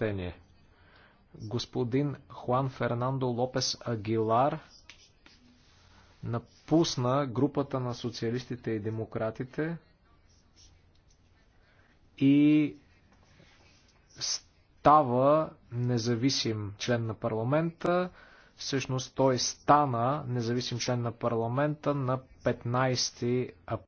съобщение. Господин Хуан Фернандо Лопес Агилар напусна групата на социалистите и демократите и става независим член на парламента. Всъщност той стана независим член на парламента на 15 април.